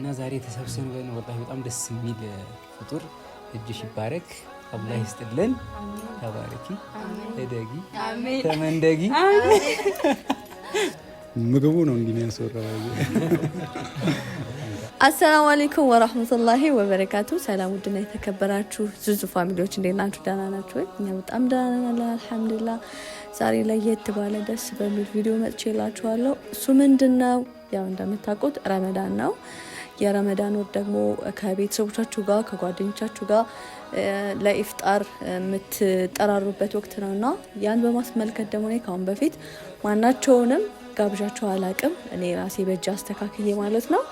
እና ዛሬ ተሰብስበን ወላሂ በጣም ደስ የሚል ፍጡር እጅሽ ይባረክ፣ አላህ ይስጥልን፣ ተባረኪ፣ እደጊ፣ ተመንደጊ። ምግቡ ነው እንግዲህ የሚያስወራ። አሰላሙ አሌይኩም ወራህመቱላሂ ወበረካቱ። ሰላም ውድና የተከበራችሁ ዙዙ ፋሚሊዎች እንዴት ናችሁ? ደህና ናችሁ ወይ? እኛ በጣም ደህና ነን አልሐምዱሊላህ። ዛሬ ለየት ባለ ደስ በሚል ቪዲዮ መጥቼላችኋለሁ። እሱ ምንድን ነው? ያው እንደምታውቁት ረመዳን ነው። የረመዳን ወር ደግሞ ከቤተሰቦቻችሁ ጋር ከጓደኞቻችሁ ጋር ለኢፍጣር የምትጠራሩበት ወቅት ነው እና ያን በማስመልከት ደግሞ እኔ በፊት ማናቸውንም ጋብዣቸው አላቅም እኔ ራሴ በእጅ አስተካክዬ ማለት ነው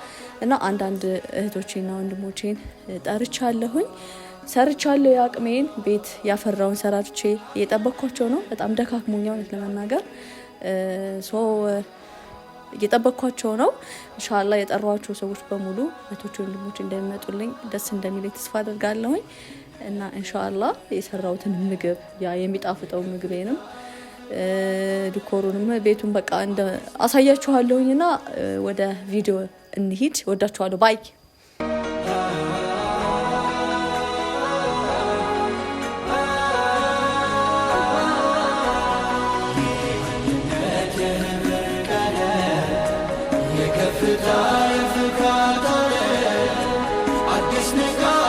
እና አንዳንድ እህቶቼና ወንድሞቼን ጠርቻለሁኝ ሰርቻለሁ የአቅሜን ቤት ያፈራውን ሰራርቼ እየጠበኳቸው ነው። በጣም ደካክሞኛ እውነት ለመናገር እየጠበኳቸው ነው። እንሻላ የጠሯቸው ሰዎች በሙሉ እህቶች፣ ወንድሞች እንደሚመጡልኝ ደስ እንደሚለኝ ተስፋ አድርጋለሁኝ እና እንሻላ የሰራሁትን ምግብ ያ የሚጣፍጠው ምግቤንም ዲኮሩንም ቤቱን በቃ አሳያችኋለሁኝ እና ወደ ቪዲዮ እንሂድ። ወዳችኋለሁ ባይ ከፍታ የፍካታ አዲስ ንጋት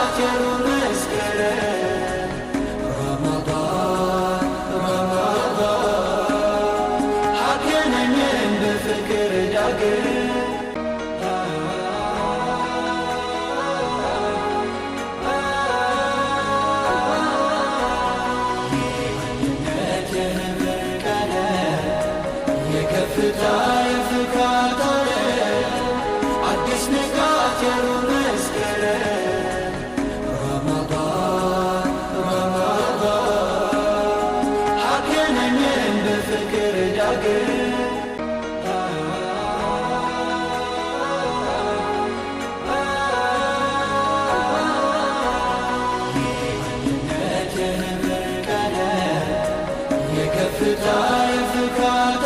Africa, Africa,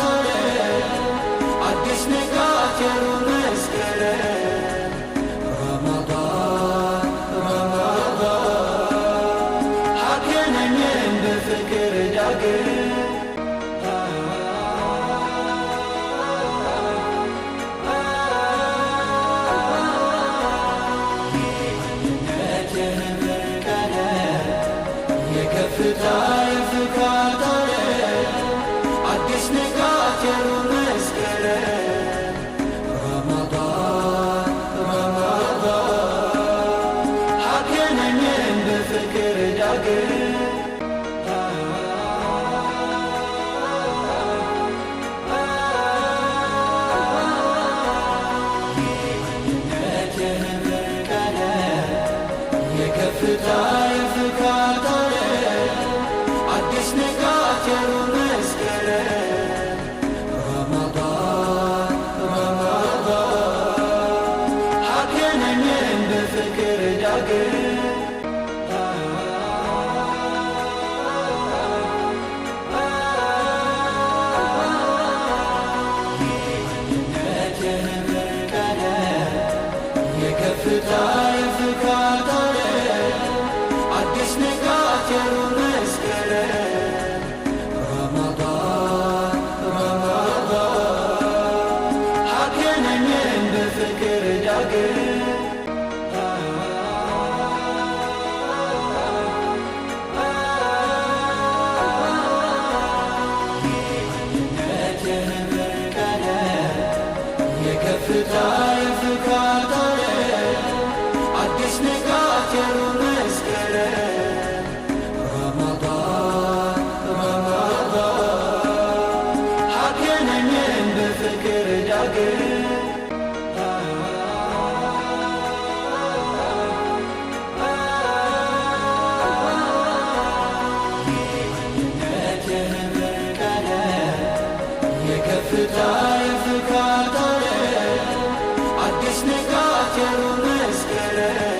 حسن کا کیا رو میں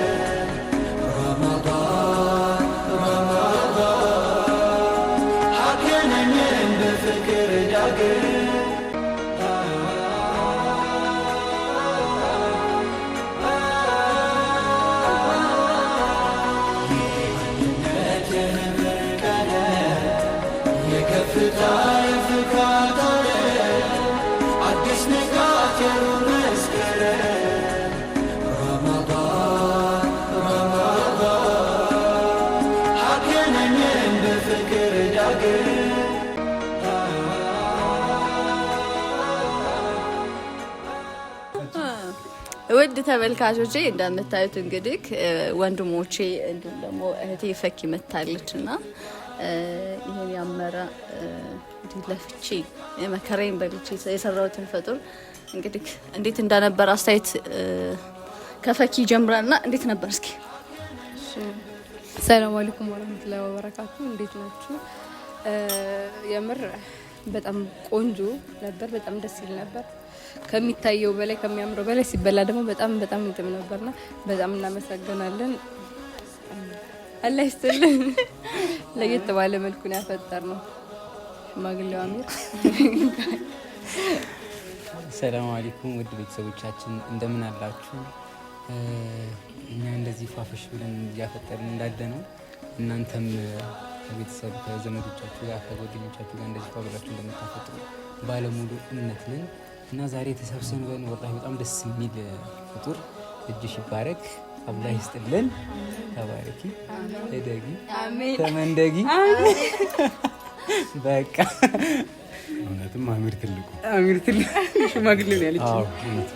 ውድ ተመልካቾቼ እንደምታዩት እንግዲህ ወንድሞቼ እንዲሁም ደግሞ እህቴ ፈኪ መታለች እና ይህን ያመረ እንዲህ ለፍቼ መከራዬን በልቼ የሰራሁትን ፈጡር እንግዲህ እንዴት እንደነበር አስተያየት ከፈኪ ጀምራል እንዴት ነበር እስኪ? ሰላም አለይኩም ወረህመቱላሂ ወበረካቱ። እንዴት ናችሁ? የምር በጣም ቆንጆ ነበር። በጣም ደስ ይል ነበር። ከሚታየው በላይ ከሚያምረው በላይ ሲበላ ደግሞ በጣም በጣም እንጥም ነበርና በጣም እናመሰግናለን። አላህ ይስጥልን። ለየት ባለ መልኩ ነው ያፈጠር ነው ሽማግሌው አሚር። ሰላም አለይኩም ውድ ቤተሰቦቻችን እንደምን አላችሁ? እኛ እንደዚህ ፋፈሽ ብለን እያፈጠርን እንዳለ ነው። እናንተም ከቤተሰብ ከዘመዶቻችሁ ጋር ከጓደኞቻችሁ ጋር እንደዚህ ፋብላችሁ እንደምታፈጥሩ ባለሙሉ እምነት ነን። እና ዛሬ ተሰብስበን ወላሂ በጣም ደስ የሚል ፍጡር እጅሽ ይባረክ። አላህ ይስጥልን። ተባረኪ፣ እደጊ፣ ተመንደጊ። በቃ እውነትም አሚር ትልቁ አሚር ትልቁ ሽማግሌ ነው ያለች።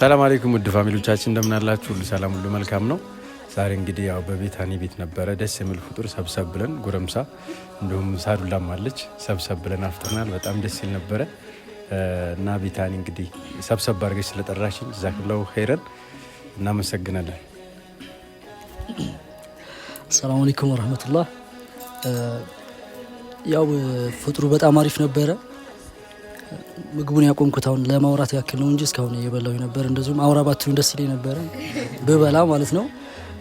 ሰላም አለይኩም ውድ ፋሚሊዎቻችን እንደምናላችሁ፣ ሁሉ ሰላም፣ ሁሉ መልካም ነው። ዛሬ እንግዲህ ያው በቤታኒ ቤት ነበረ ደስ የሚል ፍጡር ሰብሰብ ብለን ጉረምሳ፣ እንዲሁም ሳዱላም አለች ሰብሰብ ብለን አፍጥናል። በጣም ደስ ይል ነበረ። እና ቢታኒ እንግዲህ ሰብሰብ ባርገች ስለጠራሽኝ ዛክለው ኸይረን እናመሰግናለን። አሰላሙ አለይኩም ወረህመቱላህ። ያው ፍጥሩ በጣም አሪፍ ነበረ። ምግቡን ያቆምኩት አሁን ለማውራት ያክል ነው እንጂ እስካሁን እየበላሁ ነበር። እንደዚሁም አውራ ባትሪውን ደስ ይለኝ ነበረ ብበላ ማለት ነው።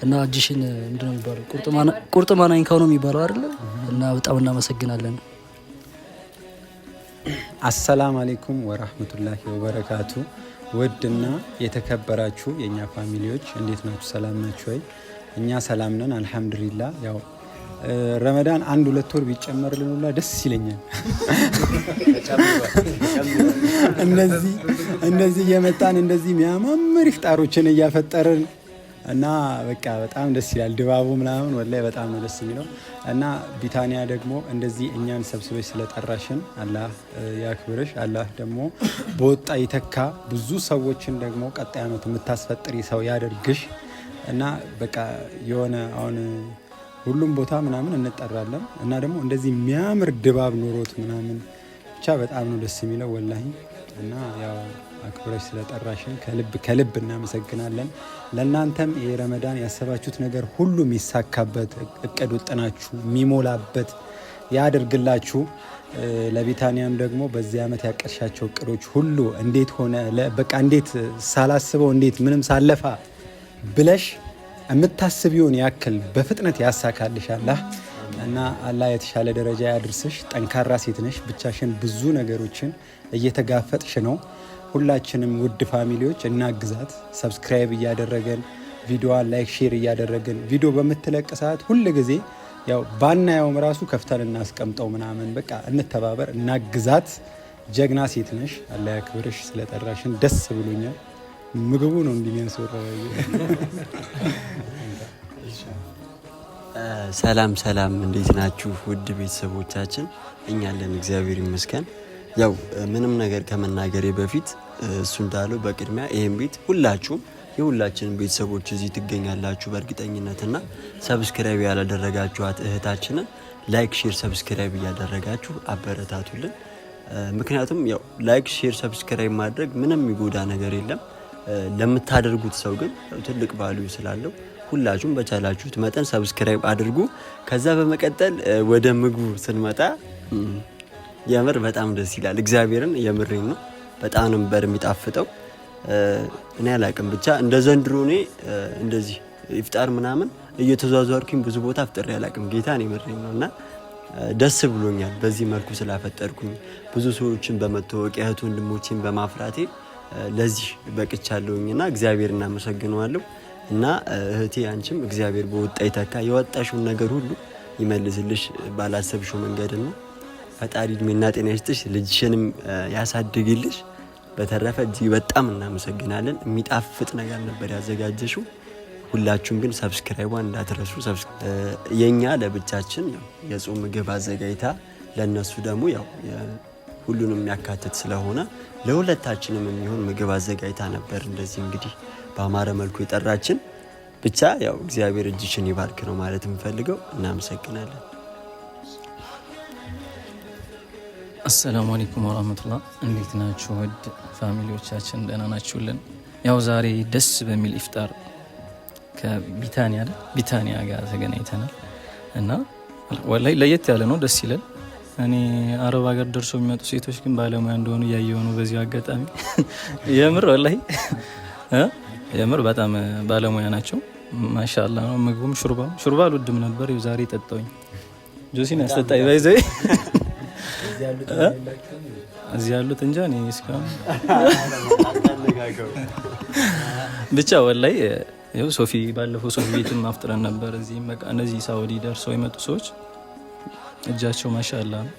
እና እጅሽን ምንድነው የሚባለው ቁርጥማና ይንካው ነው የሚባለው አይደለም። እና በጣም እናመሰግናለን። አሰላም አሌይኩም ወራህመቱላሂ ወበረካቱ። ውድና የተከበራችሁ የእኛ ፋሚሊዎች እንዴት ናችሁ? ሰላም ናችሁ ወይ? እኛ ሰላም ነን አልሐምዱሊላ። ያው ረመዳን አንድ ሁለት ወር ቢጨመር ልንላ ደስ ይለኛል። እንደዚህ እየመጣን እንደዚህ የሚያማምር ፍጣሮችን እያፈጠርን እና በቃ በጣም ደስ ይላል ድባቡ ምናምን ወላይ በጣም ነው ደስ የሚለው። እና ቢታንያ ደግሞ እንደዚህ እኛን ሰብስበች ስለጠራሽን አላህ ያክብርሽ። አላህ ደግሞ በወጣ ይተካ። ብዙ ሰዎችን ደግሞ ቀጣይ ዓመት የምታስፈጥሪ ሰው ያደርግሽ። እና በቃ የሆነ አሁን ሁሉም ቦታ ምናምን እንጠራለን እና ደግሞ እንደዚህ የሚያምር ድባብ ኖሮት ምናምን ብቻ በጣም ነው ደስ የሚለው ወላሂ እና ያው አክብረሽ ስለጠራሽን ከልብ ከልብ እናመሰግናለን። ለእናንተም ይህ ረመዳን ያሰባችሁት ነገር ሁሉ የሚሳካበት እቅድ ውጥናችሁ የሚሞላበት ያደርግላችሁ ለቢታንያም ደግሞ በዚህ ዓመት ያቀድሻቸው እቅዶች ሁሉ እንዴት ሆነ በቃ እንዴት ሳላስበው እንዴት ምንም ሳለፋ ብለሽ የምታስቢውን ያክል በፍጥነት ያሳካልሽ እና አላህ የተሻለ ደረጃ ያድርስሽ። ጠንካራ ሴት ነሽ። ብቻሽን ብዙ ነገሮችን እየተጋፈጥሽ ነው። ሁላችንም ውድ ፋሚሊዎች እናግዛት። ሰብስክራይብ እያደረገን ቪዲዮዋን ላይክ፣ ሼር እያደረግን ቪዲዮ በምትለቅ ሰዓት ሁል ጊዜ ያው ባናየውም ራሱ ከፍተን እናስቀምጠው ምናምን በቃ እንተባበር፣ እናግዛት። ጀግና ሴት ነሽ። አላህ ያክብርሽ። ስለጠራሽን ደስ ብሎኛል። ምግቡ ነው እንዲሜን ሰላም ሰላም፣ እንዴት ናችሁ ውድ ቤተሰቦቻችን? እኛለን እግዚአብሔር ይመስገን። ያው ምንም ነገር ከመናገሬ በፊት እሱ እንዳለው በቅድሚያ ይህን ቤት ሁላችሁም የሁላችንም ቤተሰቦች እዚህ ትገኛላችሁ በእርግጠኝነት ሰብስክራይብ ያላደረጋችኋት እህታችንን ላይክ፣ ሼር፣ ሰብስክራይብ እያደረጋችሁ አበረታቱልን። ምክንያቱም ያው ላይክ፣ ሼር፣ ሰብስክራይብ ማድረግ ምንም የሚጎዳ ነገር የለም። ለምታደርጉት ሰው ግን ትልቅ ቫልዩ ስላለው ሁላችሁም በቻላችሁት መጠን ሰብስክራይብ አድርጉ። ከዛ በመቀጠል ወደ ምግቡ ስንመጣ የምር በጣም ደስ ይላል። እግዚአብሔርን የምሬን ነው። በጣም ነበር የሚጣፍጠው። እኔ አላቅም ብቻ እንደ ዘንድሮ እኔ እንደዚህ ይፍጣር ምናምን እየተዟዟርኩኝ ብዙ ቦታ ፍጥር ያላቅም ጌታ ነው የምሬን ነው እና ደስ ብሎኛል በዚህ መልኩ ስላፈጠርኩኝ ብዙ ሰዎችን በመተዋወቅ እህት ወንድሞችን በማፍራቴ ለዚህ በቅቻለሁኝ እና እግዚአብሔር እናመሰግነዋለሁ እና እህቴ አንቺም እግዚአብሔር በወጣ ይተካ የወጣሽውን ነገር ሁሉ ይመልስልሽ ባላሰብሽው መንገድ ነው ፈጣሪ እድሜና ጤና ይስጥሽ፣ ልጅሽንም ያሳድግልሽ። በተረፈ እጅግ በጣም እናመሰግናለን። የሚጣፍጥ ነገር ነበር ያዘጋጀሽው። ሁላችሁም ግን ሰብስክራይቧ እንዳትረሱ። የእኛ ለብቻችን የጾም ምግብ አዘጋጅታ ለእነሱ ደግሞ ያው ሁሉንም የሚያካትት ስለሆነ ለሁለታችንም የሚሆን ምግብ አዘጋጅታ ነበር። እንደዚህ እንግዲህ በአማረ መልኩ የጠራችን ብቻ ያው እግዚአብሔር እጅሽን ይባርክ ነው ማለት የምፈልገው። እናመሰግናለን። አሰላሙ አለይኩም ወራህመቱላህ እንዴት ናችሁ? ውድ ፋሚሊዎቻችን ደህና ናችሁልን? ያው ዛሬ ደስ በሚል ኢፍጣር ከቢታኒያ ቢታኒያ ጋር ተገናኝተናል እና ወላሂ ለየት ያለ ነው፣ ደስ ይላል። እኔ አረብ ሀገር ደርሶ የሚመጡ ሴቶች ግን ባለሙያ እንደሆኑ እያየሁ ነው። በዚሁ አጋጣሚ የምር ወላሂ የምር በጣም ባለሙያ ናቸው። ማሻላ ነው። ምግቡም ሹርባ ሹርባ አልወድም ነበር፣ ዛሬ ጠጣውኝ። ጆሲን ያስጠጣኝ ባይዘይ እዚህ ያሉት እንጃ እኔ እስካሁን ብቻ ወላይ ይኸው ሶፊ ባለፈው ሶፊ ቤትን ማፍጥረን ነበር። እዚህ በቃ እነዚህ ሳውዲ ደርሰው የመጡ ሰዎች እጃቸው ማሻላ ነው።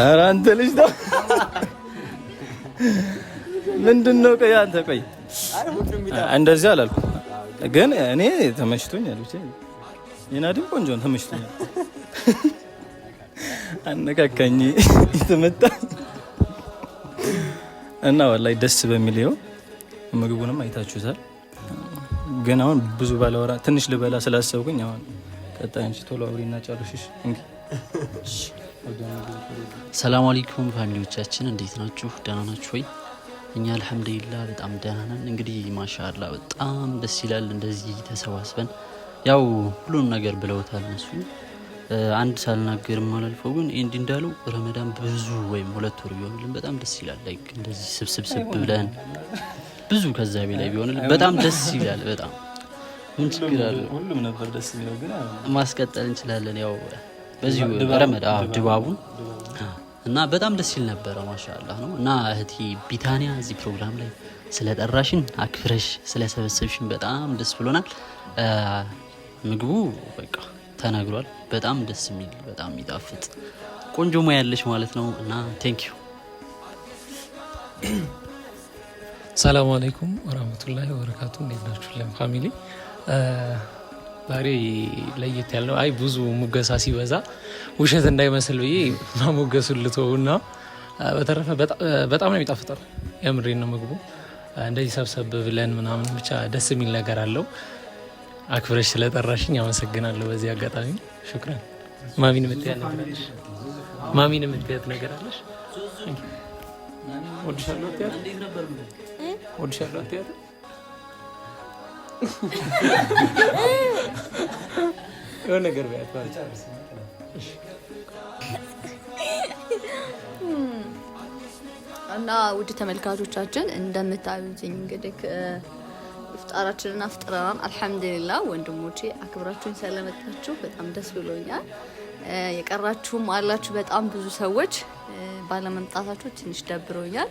ኧረ አንተ ልጅ ነው ምንድን ነው? ቆይ አንተ ቆይ እንደዚህ አላልኩ ግን እኔ ተመችቶኛል። ብቻ የናድም ቆንጆን ተመችቶኛል። አነካካኝ የተመታ እና ወላሂ ደስ በሚል ይኸው ምግቡንም አይታችሁታል። ግን አሁን ብዙ ባለወራ ትንሽ ልበላ ስላሰብኩኝ አሁን ቀጣይ አንቺ ቶሎ አውሪና ጨርሽሽ። ሰላም አለይኩም ፋሚሊዎቻችን እንዴት ናችሁ? ደህና ናችሁ ወይ? እኛ አልሐምዱሊላህ በጣም ደህና ነን። እንግዲህ ማሻላ በጣም ደስ ይላል እንደዚህ ተሰባስበን ያው ሁሉን ነገር ብለውታል እነሱ አንድ ሳልናገር ማላልፈው ግን እንዲ እንዳለው ረመዳን ብዙ ወይም ሁለት ወር ቢሆንልን በጣም ደስ ይላል። ላይክ እንደዚህ ስብስብስብ ብለን ብዙ ከዛ በላይ ቢሆንልን በጣም ደስ ይላል። በጣም ምን ችግር አለ? ሁሉም ነበር ደስ የሚለው ግን ማስቀጠል እንችላለን። ያው በዚሁ ረመዳ ድባቡን እና በጣም ደስ ይል ነበረ። ማሻአላህ ነው እና እህቴ ቢታንያ እዚህ ፕሮግራም ላይ ስለጠራሽን አክብረሽ ስለሰበሰብሽን በጣም ደስ ብሎናል። ምግቡ በቃ ተነግሯል። በጣም ደስ የሚል በጣም የሚጣፍጥ ቆንጆ ሙያ ያለች ማለት ነው እና ቴንኪዩ። ሰላም አለይኩም ወራህመቱላሂ ወበረካቱ። እንዴት ናችሁ ፋሚሊ? ዛሬ ለየት ያለው አይ ብዙ ሙገሳ ሲበዛ ውሸት እንዳይመስል ብዬ ማሞገሱን ልተወው እና በተረፈ በጣም ነው የሚጣፍጠው። የምሬን ነው ምግቡ እንደዚህ ሰብሰብ ብለን ምናምን ብቻ ደስ የሚል ነገር አለው። አክብረሽ ስለጠራሽኝ አመሰግናለሁ። በዚህ አጋጣሚ ሹክራን። ማሚን የምትያት ነገር አለሽ? ማሚን የምትያት ነገር አለሽ? ነገር እና ውድ ተመልካቾቻችን እንደምታዩት እንግዲህ ጣራችንን አፍጥረናል። አልሐምዱሊላ ወንድሞቼ አክብራችሁን ስለመጣችሁ በጣም ደስ ብሎኛል። የቀራችሁም አላችሁ በጣም ብዙ ሰዎች ባለመምጣታችሁ ትንሽ ደብሮኛል።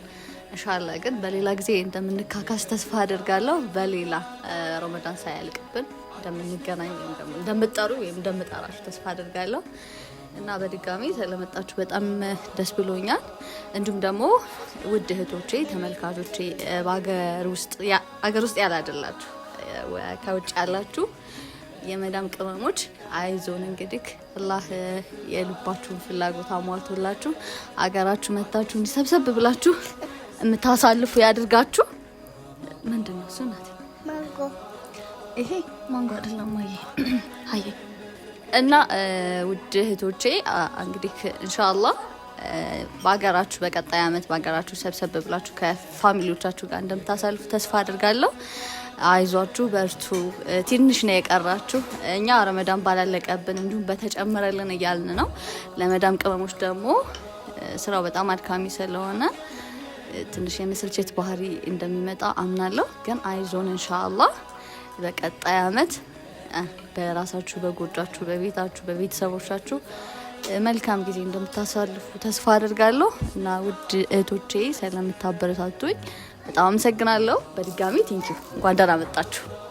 እንሻላ ግን በሌላ ጊዜ እንደምንካካስ ተስፋ አድርጋለሁ። በሌላ ረመዳን ሳያልቅብን እንደምንገናኝ ወይም እንደምጠሩ ወይም እንደምጠራችሁ ተስፋ አድርጋለሁ። እና በድጋሚ ስለመጣችሁ በጣም ደስ ብሎኛል። እንዲሁም ደግሞ ውድ እህቶቼ ተመልካቾቼ፣ ሀገር ውስጥ ያላደላችሁ ከውጭ ያላችሁ የመዳም ቅመሞች አይዞን። እንግዲህ አላህ የልባችሁን ፍላጎት አሟልቶላችሁ አገራችሁ መታችሁ እንዲሰብሰብ ብላችሁ የምታሳልፉ ያድርጋችሁ። ምንድን ነው እሱ ናት? ይሄ ማንጎ አይደለም ወይ? እና ውድ እህቶቼ እንግዲህ እንሻላ በሀገራችሁ በቀጣይ አመት በሀገራችሁ ሰብሰብ ብላችሁ ከፋሚሊዎቻችሁ ጋር እንደምታሳልፉ ተስፋ አድርጋለሁ። አይዟችሁ፣ በርቱ። ትንሽ ነው የቀራችሁ። እኛ ረመዳን ባላለቀብን እንዲሁም በተጨመረልን እያልን ነው። ለመዳም ቅመሞች ደግሞ ስራው በጣም አድካሚ ስለሆነ ትንሽ የመሰልቸት ባህሪ እንደሚመጣ አምናለሁ። ግን አይዞን እንሻላ በቀጣይ አመት በራሳችሁ በጎጃችሁ፣ በቤታችሁ፣ በቤተሰቦቻችሁ መልካም ጊዜ እንደምታሳልፉ ተስፋ አድርጋለሁ እና ውድ እህቶቼ ስለምታበረታቱኝ በጣም አመሰግናለሁ። በድጋሚ ቲንኪ እንኳን ደህና መጣችሁ።